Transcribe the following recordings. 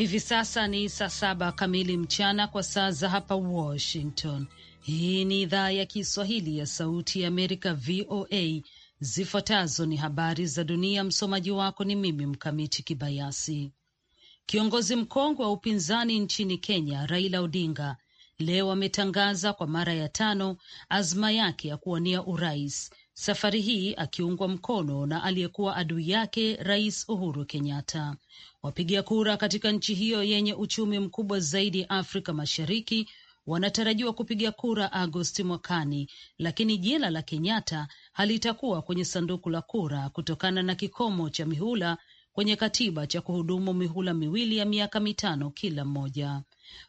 Hivi sasa ni saa saba kamili mchana kwa saa za hapa Washington. Hii ni idhaa ya Kiswahili ya Sauti ya Amerika, VOA. Zifuatazo ni habari za dunia. Msomaji wako ni mimi Mkamiti Kibayasi. Kiongozi mkongwe wa upinzani nchini Kenya, Raila Odinga, leo ametangaza kwa mara ya tano azma yake ya kuwania urais, safari hii akiungwa mkono na aliyekuwa adui yake Rais Uhuru Kenyatta. Wapiga kura katika nchi hiyo yenye uchumi mkubwa zaidi Afrika Mashariki wanatarajiwa kupiga kura Agosti mwakani, lakini jina la Kenyatta halitakuwa kwenye sanduku la kura kutokana na kikomo cha mihula kwenye katiba cha kuhudumu mihula miwili ya miaka mitano kila mmoja.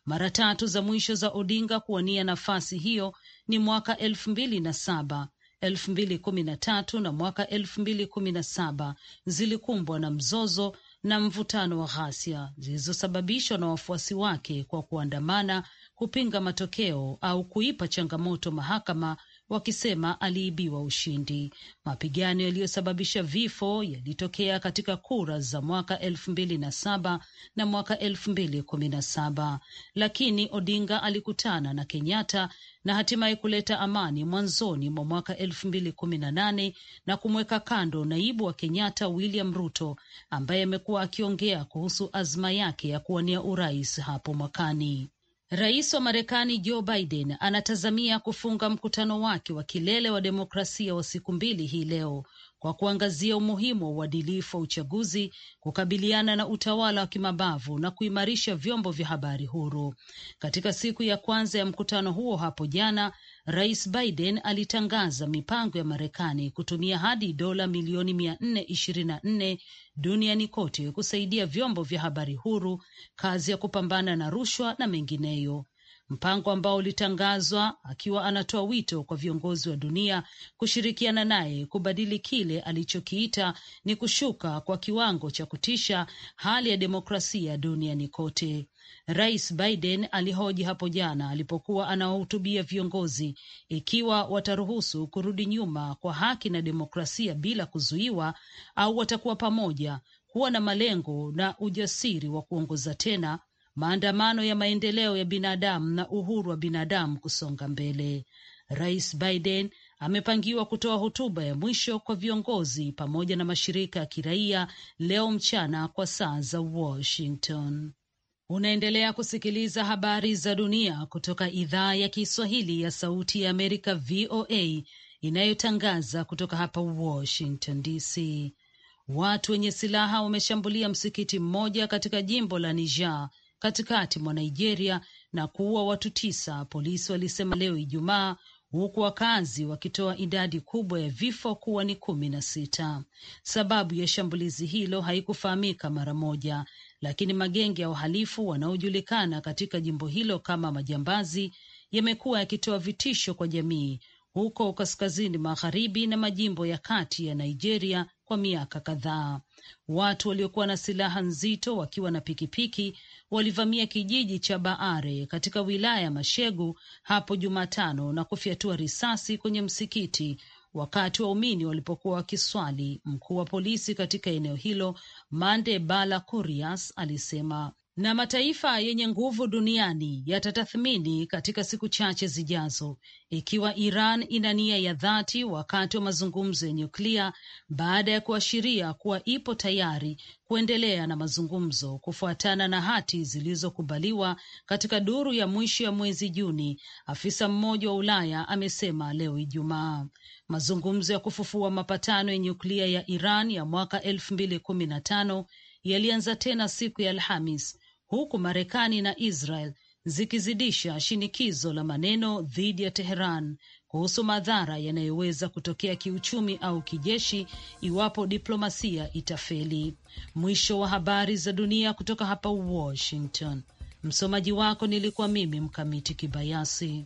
Mara tatu za mwisho za Odinga kuwania nafasi hiyo ni mwaka elfu mbili na saba elfu mbili kumi na tatu na mwaka elfu mbili kumi na saba zilikumbwa na mzozo na mvutano wa ghasia zilizosababishwa na wafuasi wake kwa kuandamana kupinga matokeo au kuipa changamoto mahakama wakisema aliibiwa ushindi. Mapigano yaliyosababisha vifo yalitokea katika kura za mwaka elfu mbili na saba na mwaka elfu mbili kumi na saba lakini Odinga alikutana na Kenyatta na hatimaye kuleta amani mwanzoni mwa mwaka elfu mbili kumi na nane na kumweka kando naibu wa Kenyatta William Ruto ambaye amekuwa akiongea kuhusu azma yake ya kuwania urais hapo mwakani. Rais wa Marekani Joe Biden anatazamia kufunga mkutano wake wa kilele wa demokrasia wa siku mbili hii leo kwa kuangazia umuhimu wa uadilifu wa uchaguzi, kukabiliana na utawala wa kimabavu na kuimarisha vyombo vya habari huru. Katika siku ya kwanza ya mkutano huo hapo jana, Rais Biden alitangaza mipango ya Marekani kutumia hadi dola milioni mia nne ishirini na nne duniani kote kusaidia vyombo vya habari huru, kazi ya kupambana na rushwa na mengineyo mpango ambao ulitangazwa akiwa anatoa wito kwa viongozi wa dunia kushirikiana naye kubadili kile alichokiita ni kushuka kwa kiwango cha kutisha hali ya demokrasia duniani kote. Rais Biden alihoji hapo jana alipokuwa anawahutubia viongozi ikiwa wataruhusu kurudi nyuma kwa haki na demokrasia bila kuzuiwa au watakuwa pamoja kuwa na malengo na ujasiri wa kuongoza tena maandamano ya maendeleo ya binadamu na uhuru wa binadamu kusonga mbele. Rais Biden amepangiwa kutoa hotuba ya mwisho kwa viongozi pamoja na mashirika ya kiraia leo mchana kwa saa za Washington. Unaendelea kusikiliza habari za dunia kutoka idhaa ya Kiswahili ya Sauti ya Amerika, VOA, inayotangaza kutoka hapa Washington DC. Watu wenye silaha wameshambulia msikiti mmoja katika jimbo la Niger katikati mwa Nigeria na kuua watu tisa, polisi walisema leo Ijumaa, huku wakazi wakitoa idadi kubwa ya vifo kuwa ni kumi na sita. Sababu ya shambulizi hilo haikufahamika mara moja, lakini magenge ya uhalifu wanaojulikana katika jimbo hilo kama majambazi yamekuwa yakitoa vitisho kwa jamii huko kaskazini magharibi na majimbo ya kati ya Nigeria kwa miaka kadhaa. Watu waliokuwa na silaha nzito wakiwa na pikipiki walivamia kijiji cha Baare katika wilaya ya Mashegu hapo Jumatano na kufyatua risasi kwenye msikiti wakati waumini walipokuwa wakiswali. Mkuu wa polisi katika eneo hilo Mande Bala Curias alisema na mataifa yenye nguvu duniani yatatathmini katika siku chache zijazo ikiwa Iran ina nia ya dhati wakati wa mazungumzo ya nyuklia baada ya kuashiria kuwa ipo tayari kuendelea na mazungumzo kufuatana na hati zilizokubaliwa katika duru ya mwisho ya mwezi Juni, afisa mmoja wa Ulaya amesema leo Ijumaa. Mazungumzo ya kufufua mapatano ya nyuklia ya Iran ya mwaka elfu mbili kumi na tano yalianza tena siku ya Alhamis huku Marekani na Israel zikizidisha shinikizo la maneno dhidi ya Teheran kuhusu madhara yanayoweza kutokea kiuchumi au kijeshi iwapo diplomasia itafeli. Mwisho wa habari za dunia kutoka hapa Washington. Msomaji wako nilikuwa mimi Mkamiti Kibayasi.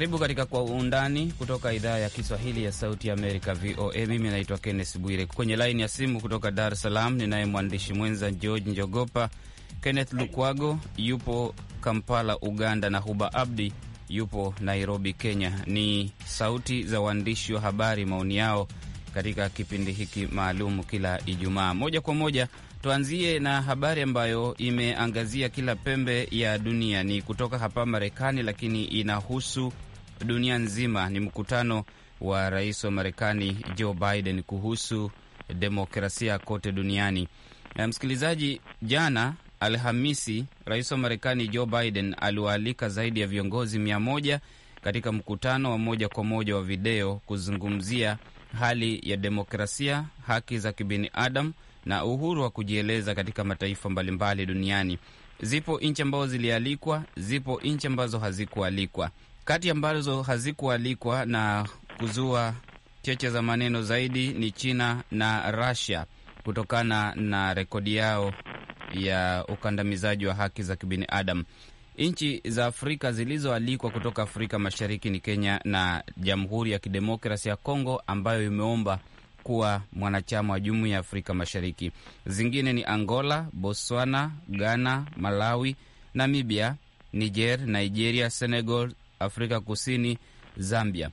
Karibu katika Kwa Undani kutoka idhaa ya Kiswahili ya Sauti ya Amerika, VOA. Mimi naitwa Kennes Bwire. Kwenye laini ya simu kutoka Dar es Salaam ninaye mwandishi mwenza George Njogopa. Kenneth Lukwago yupo Kampala, Uganda, na Huba Abdi yupo Nairobi, Kenya. Ni sauti za waandishi wa habari, maoni yao katika kipindi hiki maalum kila Ijumaa. Moja kwa moja tuanzie na habari ambayo imeangazia kila pembe ya dunia, ni kutoka hapa Marekani, lakini inahusu dunia nzima ni mkutano wa rais wa Marekani Joe Biden kuhusu demokrasia kote duniani. Eh, msikilizaji, jana Alhamisi, rais wa Marekani Joe Biden aliwaalika zaidi ya viongozi mia moja katika mkutano wa moja kwa moja wa video kuzungumzia hali ya demokrasia, haki za kibinadamu na uhuru wa kujieleza katika mataifa mbalimbali duniani. Zipo nchi ambazo zilialikwa, zipo nchi ambazo hazikualikwa. Kati ambazo hazikualikwa na kuzua cheche za maneno zaidi ni China na Russia kutokana na rekodi yao ya ukandamizaji wa haki za kibinadamu. Nchi za Afrika zilizoalikwa kutoka Afrika Mashariki ni Kenya na Jamhuri ya Kidemokrasi ya Kongo ambayo imeomba kuwa mwanachama wa Jumuiya ya Afrika Mashariki. Zingine ni Angola, Botswana, Ghana, Malawi, Namibia, Niger, Nigeria, Senegal, Afrika Kusini, Zambia.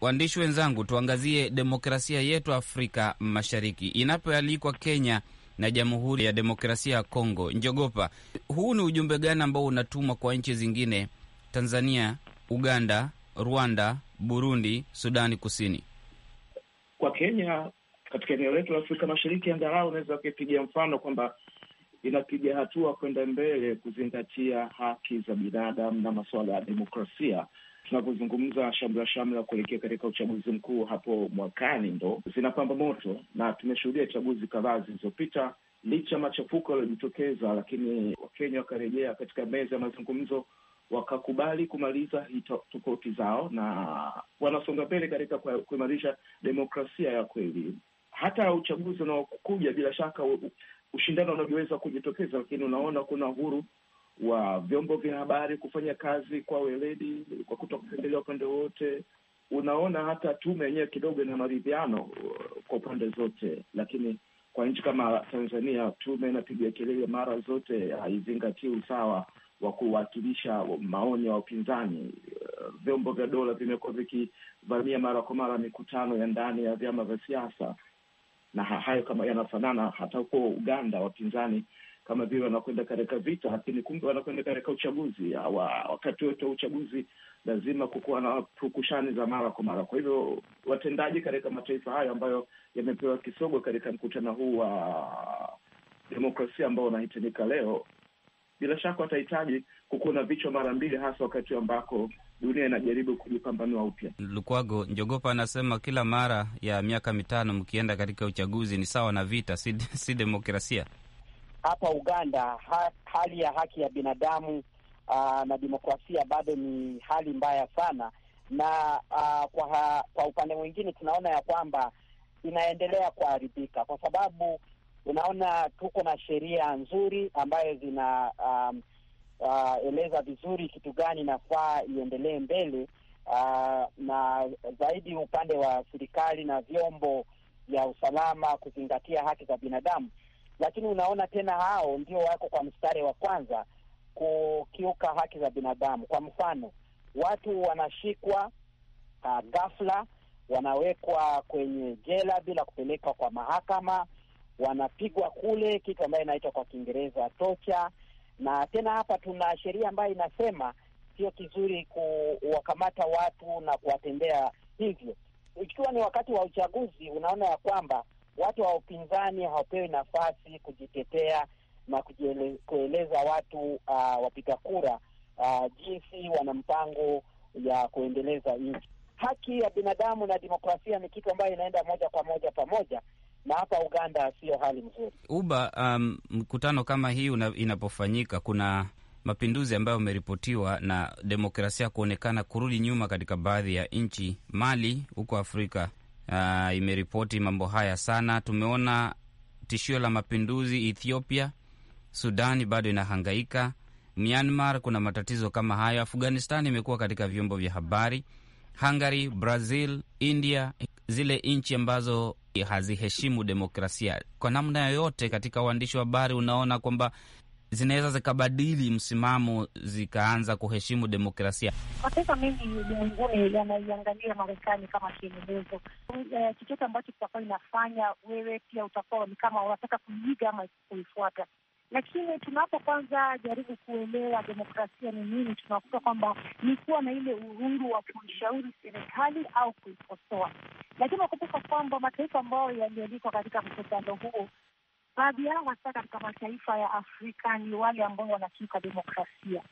Waandishi wenzangu, tuangazie demokrasia yetu Afrika Mashariki inapoalikwa Kenya na Jamhuri ya Demokrasia ya Kongo. Njogopa, huu ni ujumbe gani ambao unatumwa kwa nchi zingine, Tanzania, Uganda, Rwanda, Burundi, Sudani Kusini? Kwa Kenya, katika eneo letu la Afrika Mashariki, angalau unaweza ukaipigia mfano kwamba inapiga hatua kwenda mbele kuzingatia haki za binadamu na masuala ya demokrasia. Tunavyozungumza, shamra shamra kuelekea katika uchaguzi mkuu hapo mwakani, ndo zinapamba moto, na tumeshuhudia chaguzi kadhaa zilizopita licha machafuko yaliyojitokeza, lakini Wakenya wakarejea katika meza ya mazungumzo, wakakubali kumaliza tofauti zao na wanasonga mbele katika kuimarisha demokrasia ya kweli. Hata uchaguzi unaokuja bila shaka ushindano unavyoweza kujitokeza, lakini unaona kuna uhuru wa vyombo vya habari kufanya kazi kwa weledi, kwa kuto upande wote Unaona hata tume yenyewe kidogo ina maridhiano uh, kwa upande zote, lakini kwa nchi kama Tanzania tume inapiga kelele mara zote, haizingatii usawa wa kuwakilisha maoni ya upinzani. Uh, vyombo vya dola vimekuwa vikivamia mara kwa mara mikutano ya ndani ya vyama vya siasa na hayo kama yanafanana hata huko Uganda, wapinzani kama vile wanakwenda katika vita, lakini kumbe wanakwenda katika uchaguzi. Wakati wote wa uchaguzi lazima kukuwa na purukushani za mara kwa mara. Kwa hivyo watendaji katika mataifa hayo ambayo yamepewa kisogo katika mkutano huu wa demokrasia ambao unahitimika leo, bila shaka watahitaji kukuwa na vichwa mara mbili, hasa wakati ambako dunia inajaribu kujipambanua upya. Lukwago Njogopa anasema kila mara ya miaka mitano mkienda katika uchaguzi ni sawa na vita, si, si demokrasia. Hapa Uganda ha, hali ya haki ya binadamu aa, ah, na demokrasia bado ni hali mbaya sana, na aa, ah, kwa, ha, kwa upande mwingine tunaona ya kwamba inaendelea kuharibika kwa sababu unaona tuko na sheria nzuri ambayo zina um, uh, eleza vizuri kitu gani inafaa iendelee mbele uh, na zaidi upande wa serikali na vyombo vya usalama kuzingatia haki za binadamu, lakini unaona tena hao ndio wako kwa mstari wa kwanza kukiuka haki za binadamu. Kwa mfano, watu wanashikwa uh, ghafla, wanawekwa kwenye jela bila kupelekwa kwa mahakama, wanapigwa kule, kitu ambayo inaitwa kwa Kiingereza tocha na tena hapa tuna sheria ambayo inasema sio kizuri kuwakamata watu na kuwatendea hivyo. Ikiwa ni wakati wa uchaguzi, unaona ya kwamba watu wa upinzani hawapewi nafasi kujitetea na kueleza watu uh, wapiga kura uh, jinsi wana mpango ya kuendeleza nchi. Haki ya binadamu na demokrasia ni kitu ambayo inaenda moja kwa moja pamoja, na hapa Uganda siyo hali mzuri. Uba, um, mkutano kama hii inapofanyika kuna mapinduzi ambayo ameripotiwa na demokrasia kuonekana kurudi nyuma katika baadhi ya nchi. Mali huko Afrika uh, imeripoti mambo haya sana. Tumeona tishio la mapinduzi Ethiopia, Sudani bado inahangaika, Myanmar kuna matatizo kama hayo, Afghanistan imekuwa katika vyombo vya habari, Hungary, Brazil, India, zile nchi ambazo haziheshimu demokrasia kwa namna yoyote. Katika uandishi wa habari, unaona kwamba zinaweza zikabadili msimamo zikaanza kuheshimu demokrasia. Mataifa mengi ulimwenguni yanaiangalia Marekani kama kielelezo. Eh, chochote ambacho kitakuwa inafanya wewe pia utakuwa ni kama unataka kuiiga ama kuifuata lakini tunapo kwanza jaribu kuelewa demokrasia ni nini, tunakuta kwamba ni kuwa na ile uhuru wa kuishauri serikali au kuikosoa. Lakini wakumbuka kwamba mataifa ambayo yalialikwa katika mkutano huo, baadhi yao hasa katika mataifa ya Afrika ni wale ambao wanakiuka demokrasia.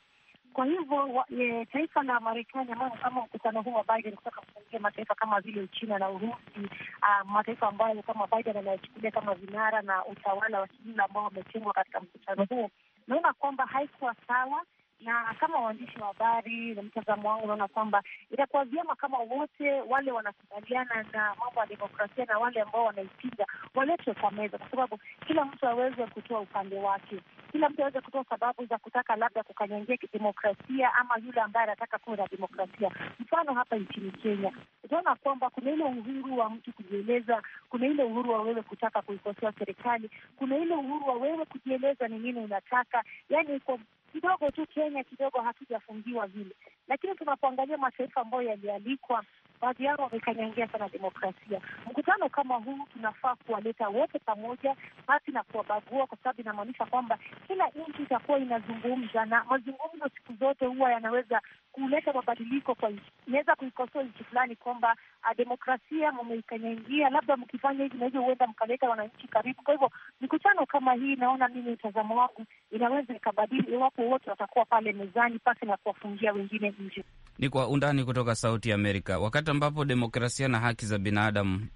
Kwa hivyo taifa la Marekani ambayo kama mkutano huu wa Biden kutoka kufungia mataifa kama vile Uchina na Urusi, uh, mataifa ambayo kama Biden anayochukulia kama vinara na utawala wa kijumla ambao wametengwa katika mkutano huo, naona kwamba haikuwa sawa na kama waandishi wa habari na mtazamo wangu, unaona kwamba itakuwa vyema kama wote wale wanakubaliana na mambo ya demokrasia na wale ambao wanaipinga waletwe kwa meza, kwa sababu kila mtu aweze kutoa upande wake kila mtu aweze kutoa sababu za kutaka labda kukanyangia kidemokrasia ama yule ambaye anataka kuwe na demokrasia. Mfano hapa nchini Kenya utaona kwamba kuna ile uhuru wa mtu kujieleza, kuna ile uhuru wa wewe kutaka kuikosoa serikali, kuna ile uhuru wa wewe kujieleza ni nini unataka. Yani kwa kidogo tu Kenya kidogo hatujafungiwa vile, lakini tunapoangalia mataifa ambayo yalialikwa baadhi yao wamekanyangia sana demokrasia. Mkutano kama huu tunafaa kuwaleta wote pamoja basi na kuwabagua, kwa sababu inamaanisha kwamba kila nchi itakuwa inazungumza, na mazungumzo siku zote huwa yanaweza kuleta mabadiliko kwa nchi. Inaweza kuikosoa nchi fulani kwamba ah, demokrasia mmeikanyangia, labda mkifanya hivi na hivyo, huenda mkaleta wananchi karibu. Kwa hivyo mikutano kama hii, naona mimi, mtazamo wangu, inaweza ikabadili iwapo wote watakuwa pale mezani pasi na kuwafungia wengine nje. Ni kwa undani kutoka Sauti ya Amerika wakati wakati ambapo demokrasia na haki za binadamu,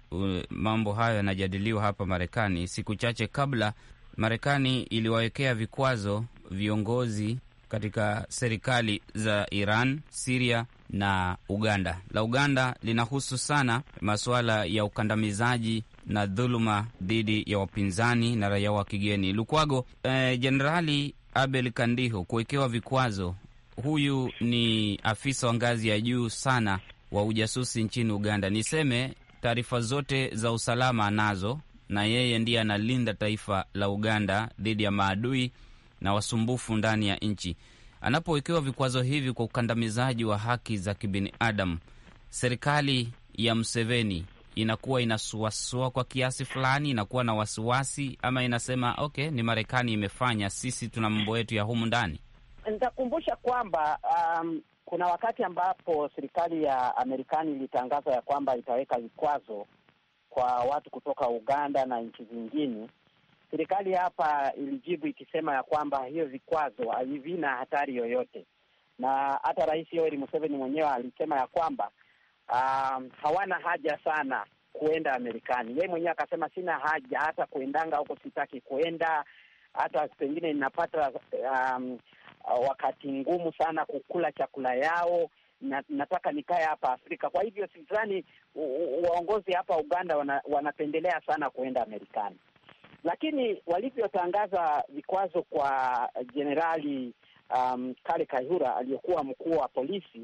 mambo hayo yanajadiliwa hapa Marekani, siku chache kabla Marekani iliwawekea vikwazo viongozi katika serikali za Iran, Siria na Uganda. La Uganda linahusu sana masuala ya ukandamizaji na dhuluma dhidi ya wapinzani na raia wa kigeni. Lukwago, e, jenerali eh, Abel Kandiho kuwekewa vikwazo, huyu ni afisa wa ngazi ya juu sana wa ujasusi nchini Uganda. Niseme taarifa zote za usalama anazo, na yeye ndiye analinda taifa la Uganda dhidi ya maadui na wasumbufu ndani ya nchi. Anapowekewa vikwazo hivi kwa ukandamizaji wa haki za kibinadamu, serikali ya mseveni inakuwa inasuasua kwa kiasi fulani, inakuwa na wasiwasi ama inasema okay, ni Marekani imefanya, sisi tuna mambo yetu ya humu ndani. Nitakumbusha kwamba um, kuna wakati ambapo serikali ya amerikani ilitangaza ya kwamba itaweka vikwazo kwa watu kutoka Uganda na nchi zingine. Serikali hapa ilijibu ikisema ya kwamba hiyo vikwazo havina hatari yoyote, na hata Rais Yoweri Museveni mwenyewe alisema ya kwamba um, hawana haja sana kuenda amerikani Yeye mwenyewe akasema sina haja hata kuendanga huko, sitaki kuenda hata pengine ninapata um, Uh, wakati ngumu sana kukula chakula yao na, nataka nikae hapa Afrika. Kwa hivyo sidhani waongozi hapa Uganda wana, wanapendelea sana kuenda Amerikani, lakini walivyotangaza vikwazo kwa jenerali um, Kale Kayihura aliyekuwa mkuu wa polisi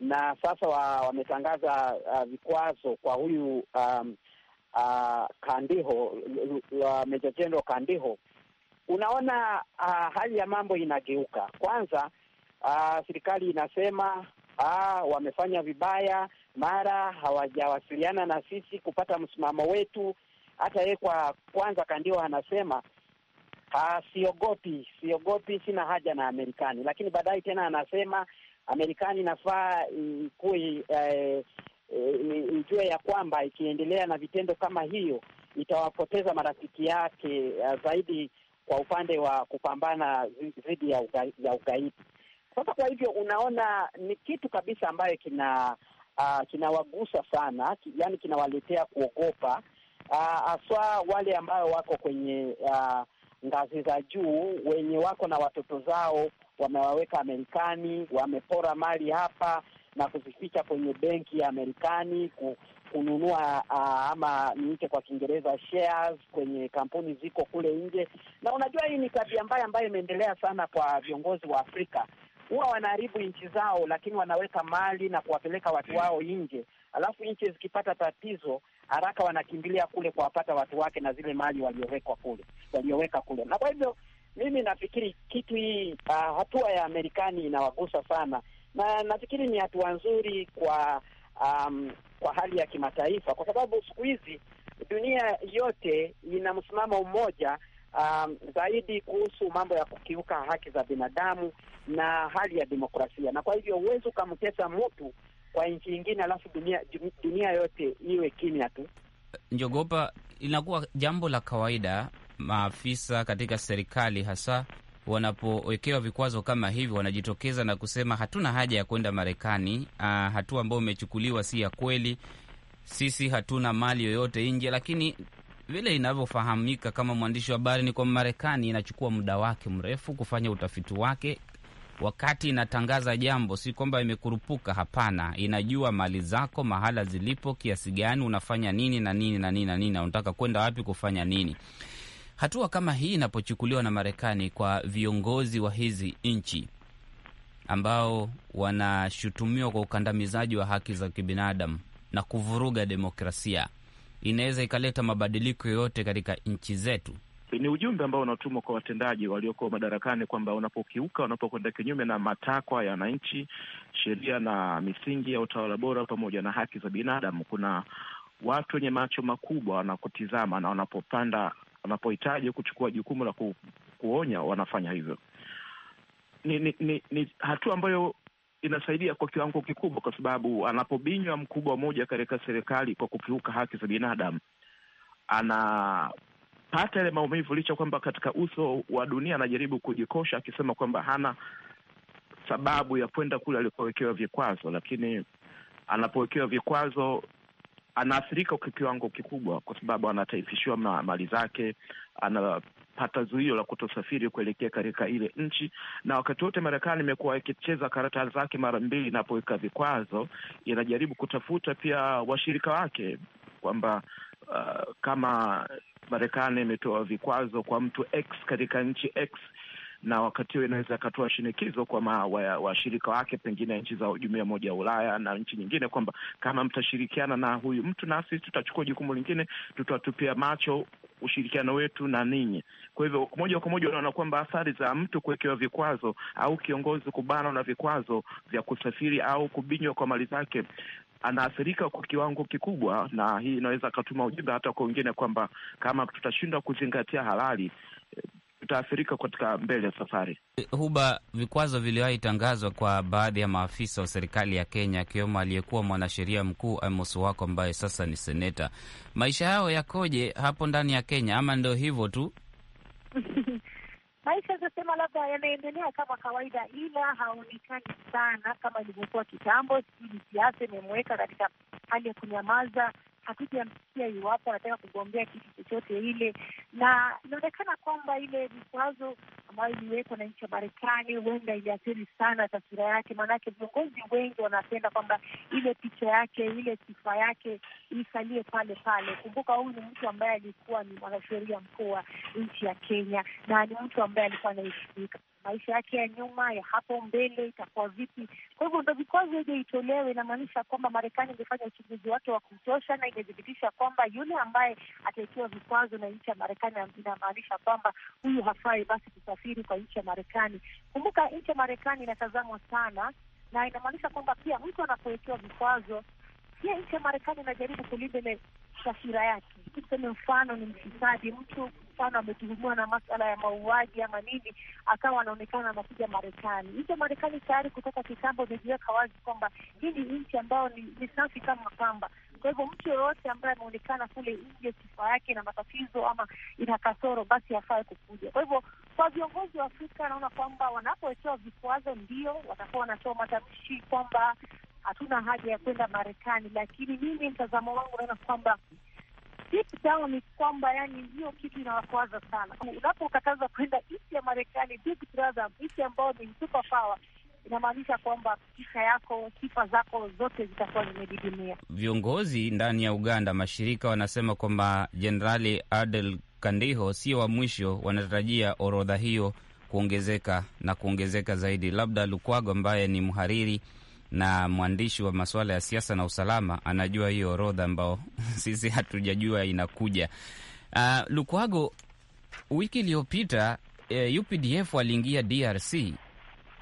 na sasa wa, wametangaza uh, vikwazo kwa huyu um, uh, Kandiho, uh, Meja Jenerali Kandiho unaona uh, hali ya mambo inageuka. Kwanza uh, serikali inasema uh, wamefanya vibaya, mara hawajawasiliana na sisi kupata msimamo wetu. Hata yeye kwa kwanza kandio anasema uh, siogopi, siogopi, sina haja na Amerikani, lakini baadaye tena anasema Amerikani inafaa ikuwe eh, eh, ijue ya kwamba ikiendelea na vitendo kama hiyo itawapoteza marafiki yake zaidi kwa upande wa kupambana dhidi ya ugaidi, ya ugaidi. Sasa kwa hivyo unaona ni kitu kabisa ambayo kina uh, kinawagusa sana, yani kinawaletea kuogopa ah, haswa uh, wale ambao wako kwenye uh, ngazi za juu, wenye wako na watoto zao wamewaweka Amerikani, wamepora mali hapa na kuzificha kwenye benki ya Amerikani, kununua uh, ama niite kwa Kiingereza shares kwenye kampuni ziko kule nje. Na unajua hii ni tabia mbaya ambayo imeendelea sana kwa viongozi wa Afrika. Huwa wanaharibu nchi zao, lakini wanaweka mali na kuwapeleka watu wao nje, alafu nchi zikipata tatizo haraka wanakimbilia kule kuwapata watu wake na zile mali waliowekwa kule, walioweka kule. Na kwa hivyo mimi nafikiri kitu hii uh, hatua ya Amerikani inawagusa sana, na nafikiri ni hatua nzuri kwa um, kwa hali ya kimataifa, kwa sababu siku hizi dunia yote ina msimamo mmoja um, zaidi kuhusu mambo ya kukiuka haki za binadamu na hali ya demokrasia, na kwa hivyo huwezi ukamtesa mtu kwa nchi nyingine alafu dunia, dunia yote iwe kimya tu. Njogopa, inakuwa jambo la kawaida maafisa katika serikali hasa wanapowekewa vikwazo kama hivyo wanajitokeza na kusema hatuna haja ya kwenda Marekani. Uh, hatua ambayo imechukuliwa si ya kweli, sisi hatuna mali yoyote nje. Lakini vile inavyofahamika kama mwandishi wa habari ni kwamba Marekani inachukua muda wake mrefu kufanya utafiti wake wakati inatangaza jambo, si kwamba imekurupuka. Hapana, inajua mali zako, mahala zilipo, kiasi gani unafanya nini na nini na nini na nini, na unataka kwenda wapi kufanya nini. Hatua kama hii inapochukuliwa na Marekani kwa viongozi wa hizi nchi ambao wanashutumiwa kwa ukandamizaji wa haki za kibinadamu na kuvuruga demokrasia, inaweza ikaleta mabadiliko yoyote katika nchi zetu? Ni ujumbe ambao unatumwa kwa watendaji waliokuwa madarakani kwamba unapokiuka, unapokwenda kinyume na matakwa ya wananchi, sheria na misingi ya utawala bora pamoja na haki za binadamu, kuna watu wenye macho makubwa wanakutizama na wanapopanda wanapohitaji kuchukua jukumu la ku, kuonya wanafanya hivyo. Ni, ni, ni, ni hatua ambayo inasaidia kwa kiwango kikubwa, kwa sababu anapobinywa mkubwa mmoja katika serikali kwa kukiuka haki za binadamu anapata yale maumivu, licha kwamba katika uso wa dunia anajaribu kujikosha akisema kwamba hana sababu ya kwenda kule alikowekewa vikwazo, lakini anapowekewa vikwazo anaathirika kwa kiwango kikubwa, kwa sababu anataifishiwa mali zake, anapata zuio la kutosafiri kuelekea katika ile nchi. Na wakati wote Marekani imekuwa ikicheza karata zake mara mbili, inapoweka vikwazo, inajaribu kutafuta pia washirika wake kwamba uh, kama Marekani imetoa vikwazo kwa mtu X katika nchi X, na wakati huo inaweza ikatoa shinikizo kwa washirika wa wake, pengine nchi za jumuiya ya moja ya Ulaya na nchi nyingine, kwamba kama mtashirikiana na huyu mtu, nasi tutachukua jukumu lingine, tutatupia macho ushirikiano wetu na ninyi. Kwa hivyo moja kwa moja unaona kwamba athari za mtu kuwekewa vikwazo au kiongozi kubanwa na vikwazo vya kusafiri au kubinywa kwa mali zake anaathirika kwa kiwango kikubwa, na hii inaweza akatuma ujumbe hata kwa wengine kwamba kama tutashindwa kuzingatia halali tutaathirika katika mbele ya safari. Huba, vikwazo viliwahi tangazwa kwa baadhi ya maafisa wa serikali ya Kenya, akiwemo aliyekuwa mwanasheria mkuu Amos Wako ambaye sasa ni seneta. Maisha yao yakoje hapo ndani ya Kenya, ama ndo hivyo tu? Maisha zasema labda yanaendelea kama kawaida, ila haonekani sana kama ilivyokuwa kitambo. Sijui ni siasa imemweka katika hali ya kunyamaza hatujamsikia iwapo anataka kugombea kitu chochote ile, na inaonekana kwamba ile vikwazo ambayo iliwekwa na nchi ya Marekani huenda iliathiri sana taswira yake, maanake viongozi wengi wanapenda kwamba ile picha yake, ile sifa yake isalie pale pale. Kumbuka huyu ni mtu ambaye alikuwa ni mwanasheria mkuu wa nchi ya Kenya na ni mtu ambaye alikuwa anaheshimika maisha yake ya nyuma ya hapo mbele itakuwa vipi? Kwa hivyo ndo vikwazo hivyo itolewe, inamaanisha kwamba Marekani imefanya uchunguzi wake wa kutosha na imethibitisha kwamba yule ambaye atawekewa vikwazo na nchi ya Marekani inamaanisha kwamba huyu hafai basi kusafiri kwa nchi ya Marekani. Kumbuka nchi ya Marekani inatazamwa sana, na inamaanisha kwamba pia mtu anapowekewa vikwazo, pia nchi ya Marekani inajaribu kulinda ile taswira yake. Tuseme mfano ni mfisadi mtu mfano ametuhumiwa na masala ya mauaji ama nini, akawa anaonekana anakuja Marekani. Hicho Marekani tayari kutoka kitambo imejiweka wazi kwamba hii ni nchi ambayo ni, ni safi kama pamba. Kwa hivyo mtu yoyote ambaye ameonekana kule nje sifa yake na matatizo ama ina kasoro, basi afae kukuja. Kwa hivyo kwa viongozi wa Afrika anaona kwamba wanapowekewa vikwazo, ndio watakuwa wanatoa matamshi kwamba hatuna haja ya kwenda Marekani, lakini mimi mtazamo wangu naona kwamba deep down ni kwamba yani hiyo kitu inawakwaza sana. Unapokataza kwenda nchi ya Marekani, big brother, nchi ambayo ni super power inamaanisha kwamba kisha yako, sifa zako zote zitakuwa zimedidimia. Viongozi ndani ya Uganda, mashirika wanasema kwamba Jenerali Adel Kandiho sio wa mwisho, wanatarajia orodha hiyo kuongezeka na kuongezeka zaidi. Labda Lukwago ambaye ni mhariri na mwandishi wa masuala ya siasa na usalama anajua hiyo orodha ambao sisi hatujajua inakuja. Uh, Lukwago, wiki iliyopita eh, UPDF waliingia DRC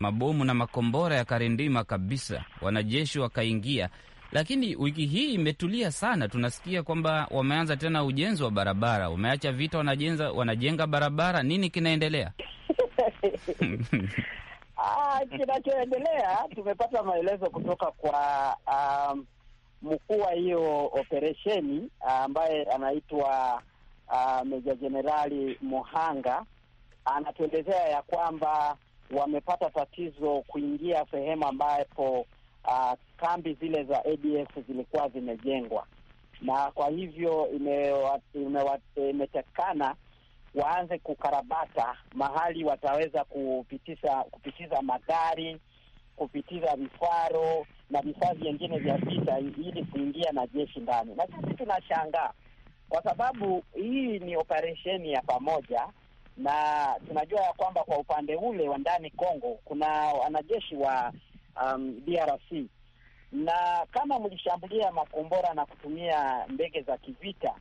mabomu na makombora ya karindima kabisa, wanajeshi wakaingia, lakini wiki hii imetulia sana. Tunasikia kwamba wameanza tena ujenzi wa barabara, wameacha vita, wanajenga, wanajenga barabara. Nini kinaendelea? Ah, kinachoendelea tumepata maelezo kutoka kwa um, mkuu wa hiyo operesheni ambaye anaitwa uh, Meja Jenerali Mohanga anatuelezea ya kwamba wamepata tatizo kuingia sehemu ambapo uh, kambi zile za ADF zilikuwa zimejengwa, na kwa hivyo imetekana ime, ime, ime waanze kukarabata mahali wataweza kupitisha kupitiza magari, kupitiza vifaro na vifaa vingine vya vita ili kuingia na jeshi ndani. Na sisi tunashangaa kwa sababu hii ni operesheni ya pamoja, na tunajua ya kwamba kwa upande ule wa ndani Kongo kuna wanajeshi wa um, DRC na kama mlishambulia makombora na kutumia ndege za kivita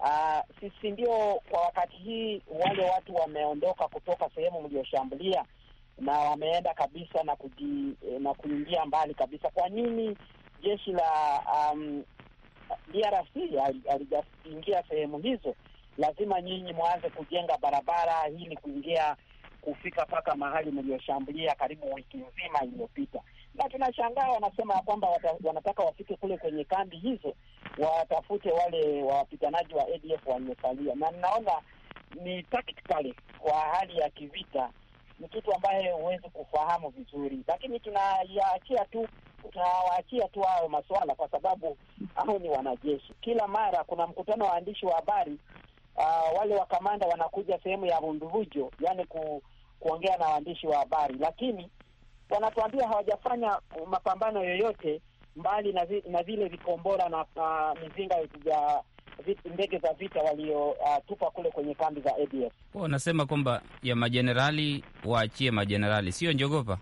Uh, sisi ndio kwa wakati hii wale watu wameondoka kutoka sehemu mlioshambulia na wameenda kabisa na kuji, eh, na kuingia mbali kabisa. Kwa nini jeshi la um, DRC halijaingia sehemu hizo? Lazima nyinyi mwanze kujenga barabara ni kuingia kufika mpaka mahali mlioshambulia karibu wiki nzima iliyopita na tunashangaa wanasema ya kwamba wanataka wafike kule kwenye kambi hizo watafute wale wapiganaji wa ADF waliosalia, na ninaona ni tactically kwa hali ya kivita ni kitu ambaye huwezi kufahamu vizuri, lakini tunayaachia tu tunawaachia tu hayo masuala, kwa sababu hao ni wanajeshi. Kila mara kuna mkutano wa waandishi wa habari uh, wale wakamanda wanakuja sehemu ya Bundubujo, yani ku, kuongea na waandishi wa habari, lakini wanatuambia hawajafanya mapambano yoyote mbali na, zi, na vile vikombora na uh, mizinga ya ndege za vita waliotupa uh, kule kwenye kambi za ADF. Wanasema kwamba ya majenerali waachie majenerali, sio njogopa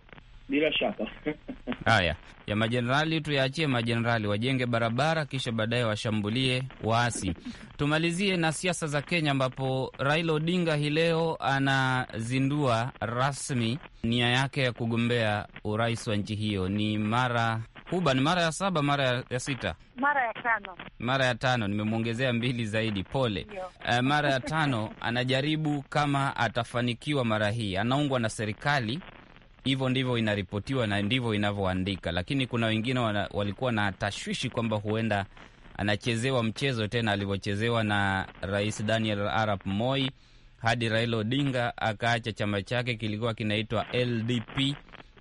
bila shaka. Haya ya majenerali tuyaachie majenerali, wajenge barabara kisha baadaye washambulie waasi. Tumalizie na siasa za Kenya, ambapo Raila Odinga hii leo anazindua rasmi nia yake ya kugombea urais wa nchi hiyo. Ni mara kuba, ni mara ya saba, mara ya sita, mara ya tano, mara ya tano. Nimemwongezea mbili zaidi, pole. Uh, mara ya tano anajaribu kama atafanikiwa mara hii, anaungwa na serikali Hivyo ndivyo inaripotiwa na ndivyo inavyoandika, lakini kuna wengine wana, walikuwa na tashwishi kwamba huenda anachezewa mchezo tena alivyochezewa na Rais Daniel Arap Moi hadi Raila Odinga akaacha chama chake kilikuwa kinaitwa LDP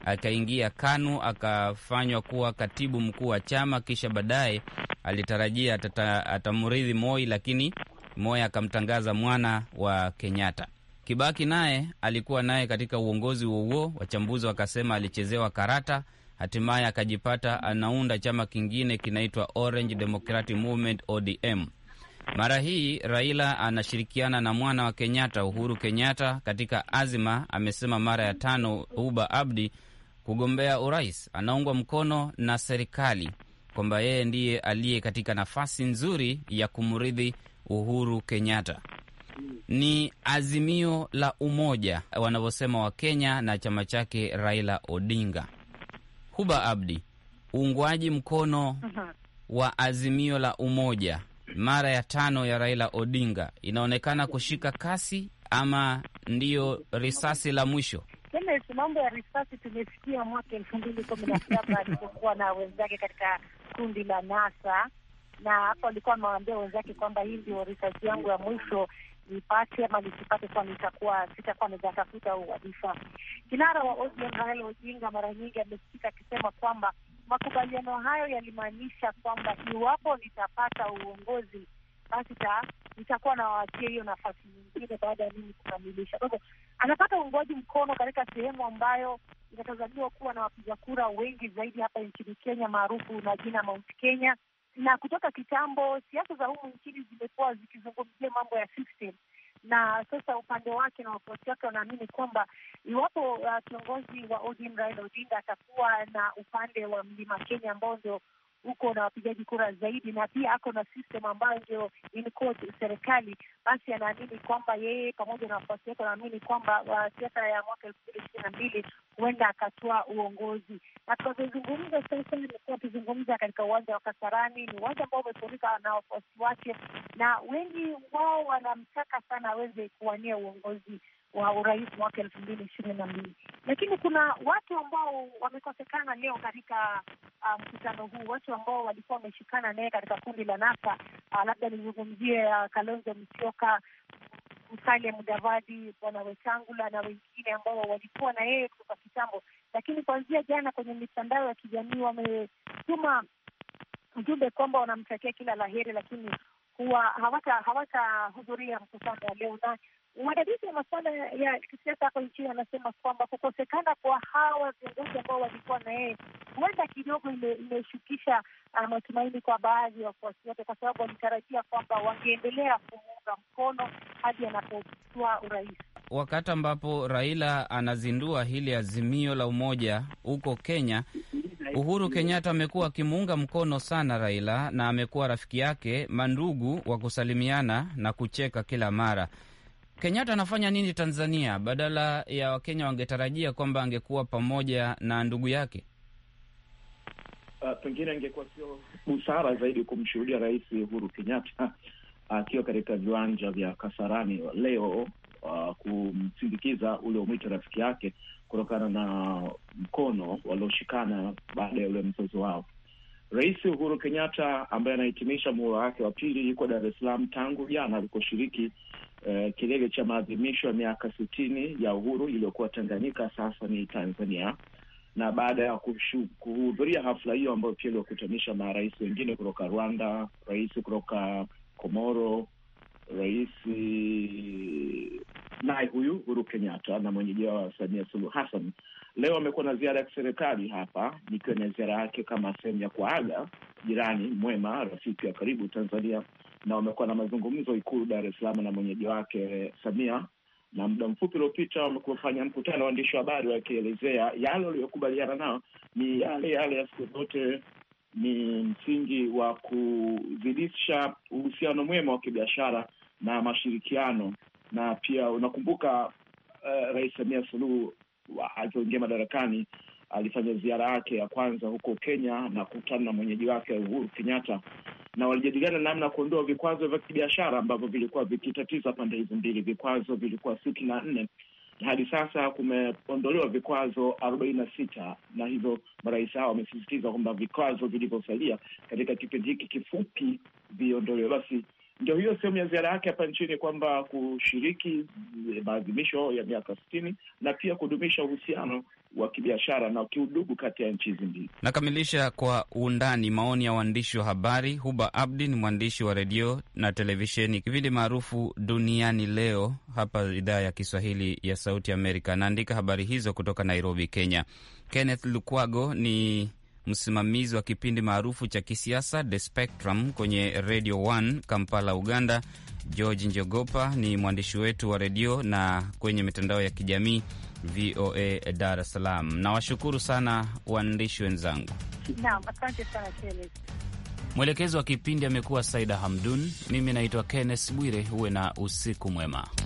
akaingia KANU akafanywa kuwa katibu mkuu wa chama, kisha baadaye alitarajia atamrithi Moi, lakini Moi akamtangaza mwana wa Kenyatta. Kibaki naye alikuwa naye katika uongozi huo wachambuzi wakasema alichezewa karata, hatimaye akajipata anaunda chama kingine kinaitwa Orange Democratic Movement, ODM. Mara hii Raila anashirikiana na mwana wa Kenyatta, Uhuru Kenyatta, katika azima, amesema mara ya tano, Uba Abdi kugombea urais. Anaungwa mkono na serikali kwamba yeye ndiye aliye katika nafasi nzuri ya kumrithi Uhuru Kenyatta ni azimio la umoja wanavyosema wa Kenya na chama chake Raila Odinga. Huba Abdi, uungwaji mkono uh-huh. wa azimio la umoja mara ya tano ya Raila Odinga inaonekana kushika kasi, ama ndiyo risasi la mwisho? Mambo ya risasi tumesikia mwaka elfu mbili kumi na saba alipokuwa na wenzake katika kundi la NASA na hapo alikuwa amewaambia wenzake kwamba hii ndio risasi yangu ya mwisho nipate ama nisipate, kwani itakuwa sitakuwa nitatafuta uwadhifa. Kinara wa ODM Raila Odinga mara nyingi amesikika akisema kwamba makubaliano hayo yalimaanisha kwamba iwapo nitapata uongozi basi nitakuwa nawaachia hiyo nafasi nyingine baada ya mimi kukamilisha. Kwa hivyo anapata uungwaji mkono katika sehemu ambayo inatazamiwa kuwa na wapiga kura wengi zaidi hapa nchini Kenya, maarufu na jina Mount Kenya na kutoka kitambo siasa za humu nchini zimekuwa zikizungumzia mambo ya system, na sasa upande wake na wafuasi wake wanaamini kwamba iwapo uh, kiongozi wa ODM Raila Odinga atakuwa na upande wa mlima Kenya ambao ndio huko na wapigaji kura zaidi, na pia ako na system ambayo ndio ilikuwa serikali, basi anaamini kwamba yeye pamoja na wafuasi wake wanaamini kwamba uh, siasa ya mwaka elfu mbili ishirini na mbili huenda akatoa uongozi. Na tunavyozungumza sasa, imekuwa tuzungumza katika uwanja wa Kasarani, ni uwanja ambao umefurika na wafuasi wake, na wengi wao wanamtaka sana aweze kuwania uongozi wa urais mwaka elfu mbili ishirini na mbili, lakini kuna watu ambao wamekosekana leo katika ah, mkutano um, huu, watu ambao walikuwa wameshikana naye katika kundi la NASA. Uh, ah, labda nizungumzie uh, Kalonzo Musyoka, Musalia Mudavadi, Bwana Wetangula na wengine ambao walikuwa na yeye kutoka kitambo, lakini kuanzia jana kwenye mitandao ya kijamii wametuma ujumbe kwamba wanamtakia kila la heri, lakini huwa hawatahudhuria hawata mkutano wa leo na Wadadisi wa masuala ya kisiasa hapa nchini anasema kwamba kukosekana kwa hawa viongozi ambao walikuwa na yeye huenda kidogo imeshukisha ime ah, matumaini kwa baadhi ya wafuasi wake, kwa sababu walitarajia kwamba wangeendelea kumuunga mkono hadi anapotua urais. Wakati ambapo Raila anazindua hili azimio la umoja huko Kenya, Uhuru Kenyatta amekuwa akimuunga mkono sana Raila na amekuwa rafiki yake, mandugu wa kusalimiana na kucheka kila mara. Kenyatta anafanya nini Tanzania? Badala ya Wakenya wangetarajia kwamba angekuwa pamoja na ndugu yake. Uh, pengine ingekuwa sio busara zaidi kumshuhudia Rais Uhuru Kenyatta akiwa uh, katika viwanja vya Kasarani leo uh, kumsindikiza ule umwito rafiki yake kutokana na mkono walioshikana baada ya ule mzozo wao. Rais Uhuru Kenyatta ambaye anahitimisha muhula wake wa pili yuko Dar es Salaam tangu jana alikoshiriki Eh, kilele cha maadhimisho ya miaka sitini ya uhuru iliyokuwa Tanganyika sasa ni Tanzania, na baada ya kuhudhuria hafla hiyo ambayo pia iliokutanisha marais wengine kutoka Rwanda, rais kutoka Komoro, rais naye huyu Uhuru Kenyatta na mwenyeji wa Samia Suluhu Hassan. Leo amekuwa na ziara ya kiserikali hapa, nikiwa na ziara yake kama sehemu ya kuaga jirani mwema, rafiki wa karibu Tanzania, na wamekuwa na mazungumzo Ikulu Dar es Salaam na mwenyeji wake eh, Samia, na muda mfupi uliopita wamefanya mkutano wa waandishi wa habari wakielezea yale waliyokubaliana nao ni yale yale ya siku zote ni msingi wa kuzidisha uhusiano mwema wa kibiashara na mashirikiano. Na pia unakumbuka, uh, Rais Samia Suluhu alipoingia madarakani alifanya ziara yake ya kwanza huko Kenya na kukutana na mwenyeji wake Uhuru Kenyatta, na walijadiliana namna ya kuondoa vikwazo vya kibiashara ambavyo vilikuwa vikitatiza pande hizi mbili. Vikwazo vilikuwa sitini na nne hadi sasa kumeondolewa vikwazo arobaini na sita na hivyo marais hao wamesisitiza kwamba vikwazo vilivyosalia katika kipindi hiki kifupi viondolewe. Basi ndio hiyo sehemu ya ziara yake hapa nchini, kwamba kushiriki maadhimisho ya miaka sitini na pia kudumisha uhusiano wa kibiashara na kiudugu kati ya nchi hizi mbili. Nakamilisha kwa undani maoni ya waandishi wa habari. Huba Abdi ni mwandishi wa redio na televisheni kipindi maarufu Duniani Leo hapa idhaa ya Kiswahili ya Sauti Amerika, anaandika habari hizo kutoka Nairobi, Kenya. Kenneth Lukwago ni msimamizi wa kipindi maarufu cha kisiasa The Spectrum kwenye Radio 1 Kampala, Uganda. George Njogopa ni mwandishi wetu wa redio na kwenye mitandao ya kijamii VOA Dar es Salaam. Nawashukuru sana waandishi wenzangu. Naam, asante sana. Mwelekezi wa kipindi amekuwa Saida Hamdun, mimi naitwa Kenneth Bwire. Huwe na usiku mwema.